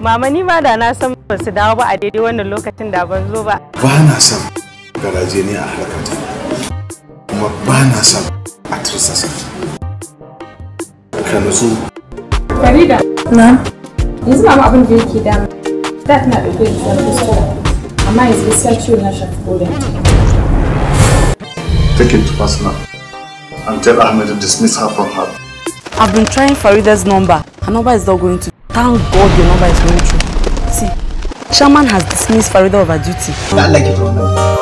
Mama ni ma da na san ba su dawo ba a daidai wannan lokacin da ban zo ba. Ba na son garaje ne a harkar kuma ba na son a su. Ka nutsu. Farida. Na. Yanzu ba abin da yake Dat na tana da gwai da amma yanzu gaskiya ciwo na shafi kodanta. take it to personal and tell Ahmed to dismiss her from her. I've been trying Farida's number. Her number is not going to. Thank God your number is going through. See, Shaman has dismissed Farida of her duty. I like it,